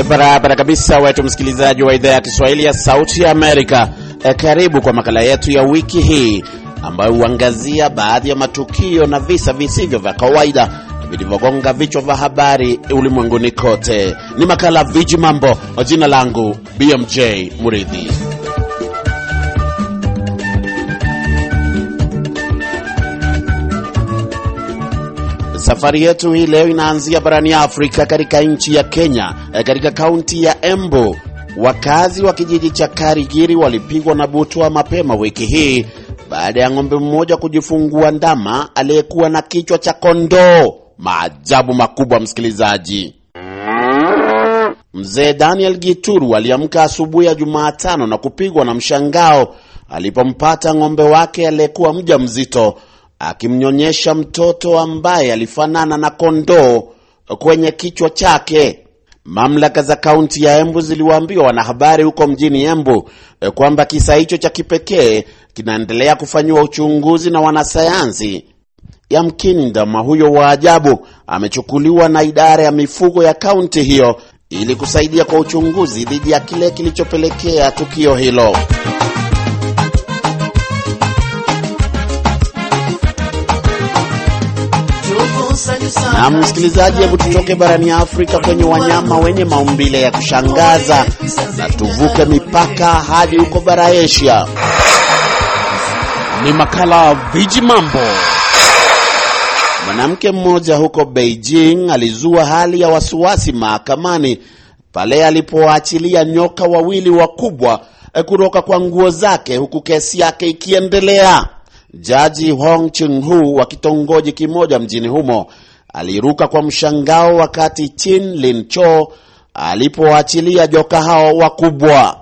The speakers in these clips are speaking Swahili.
Eh, barabara kabisa, wetu msikilizaji wa idhaa ya Kiswahili ya Sauti ya Amerika. E, karibu kwa makala yetu ya wiki hii ambayo huangazia baadhi ya matukio na visa visivyo vya kawaida vilivyogonga vichwa vya habari ulimwenguni kote. Ni makala Viji Mambo. Jina langu BMJ Muridhi. Safari yetu hii leo inaanzia barani Afrika katika nchi ya Kenya, eh, katika kaunti ya Embu. Wakazi wa kijiji cha Karigiri walipigwa na butwa mapema wiki hii baada ya ng'ombe mmoja kujifungua ndama aliyekuwa na kichwa cha kondoo. Maajabu makubwa, msikilizaji. Mzee Daniel Gituru aliamka asubuhi ya Jumatano na kupigwa na mshangao alipompata ng'ombe wake aliyekuwa mja mzito akimnyonyesha mtoto ambaye alifanana na kondoo kwenye kichwa chake. Mamlaka za kaunti ya Embu ziliwaambia wanahabari huko mjini Embu kwamba kisa hicho cha kipekee kinaendelea kufanyiwa uchunguzi na wanasayansi. Yamkini ndama huyo wa ajabu amechukuliwa na idara ya mifugo ya kaunti hiyo ili kusaidia kwa uchunguzi dhidi ya kile kilichopelekea tukio hilo. Na msikilizaji, hebu tutoke barani ya Afrika kwenye wanyama wenye maumbile ya kushangaza na tuvuke mipaka hadi huko bara Asia. Ni makala Viji Mambo. Mwanamke mmoja huko Beijing alizua hali ya wasiwasi mahakamani pale alipoachilia nyoka wawili wakubwa eh, kutoka kwa nguo zake huku kesi yake ikiendelea. Jaji Hong chinghu hu wa kitongoji kimoja mjini humo aliruka kwa mshangao wakati Chin Lin Cho alipowaachilia joka hao wakubwa.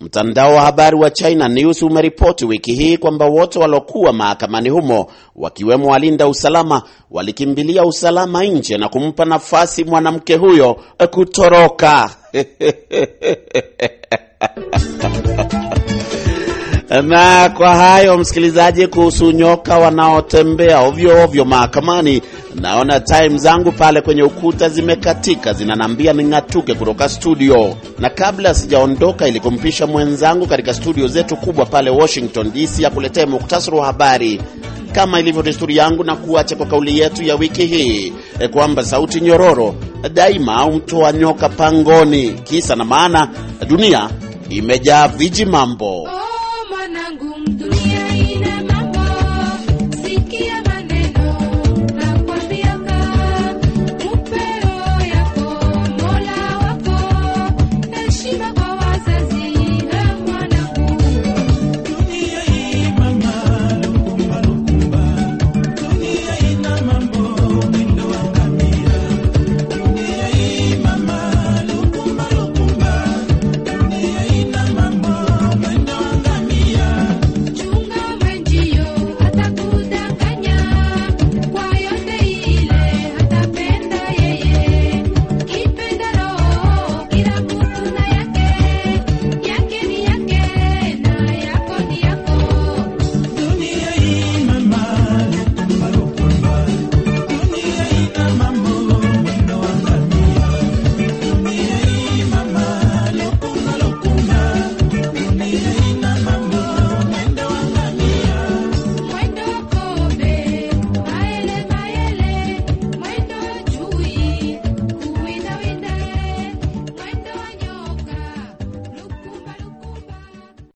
Mtandao wa habari wa China News umeripoti wiki hii kwamba wote waliokuwa mahakamani humo wakiwemo walinda usalama walikimbilia usalama nje na kumpa nafasi mwanamke huyo kutoroka. Na kwa hayo msikilizaji, kuhusu nyoka wanaotembea ovyo ovyo mahakamani, naona time zangu pale kwenye ukuta zimekatika, zinanambia ning'atuke kutoka studio. Na kabla sijaondoka, ili kumpisha mwenzangu katika studio zetu kubwa pale Washington DC akuletee muktasari wa habari, kama ilivyo desturi yangu, na kuacha kwa kauli yetu ya wiki hii e, kwamba sauti nyororo daima humtoa nyoka pangoni. Kisa na maana, dunia imejaa viji mambo.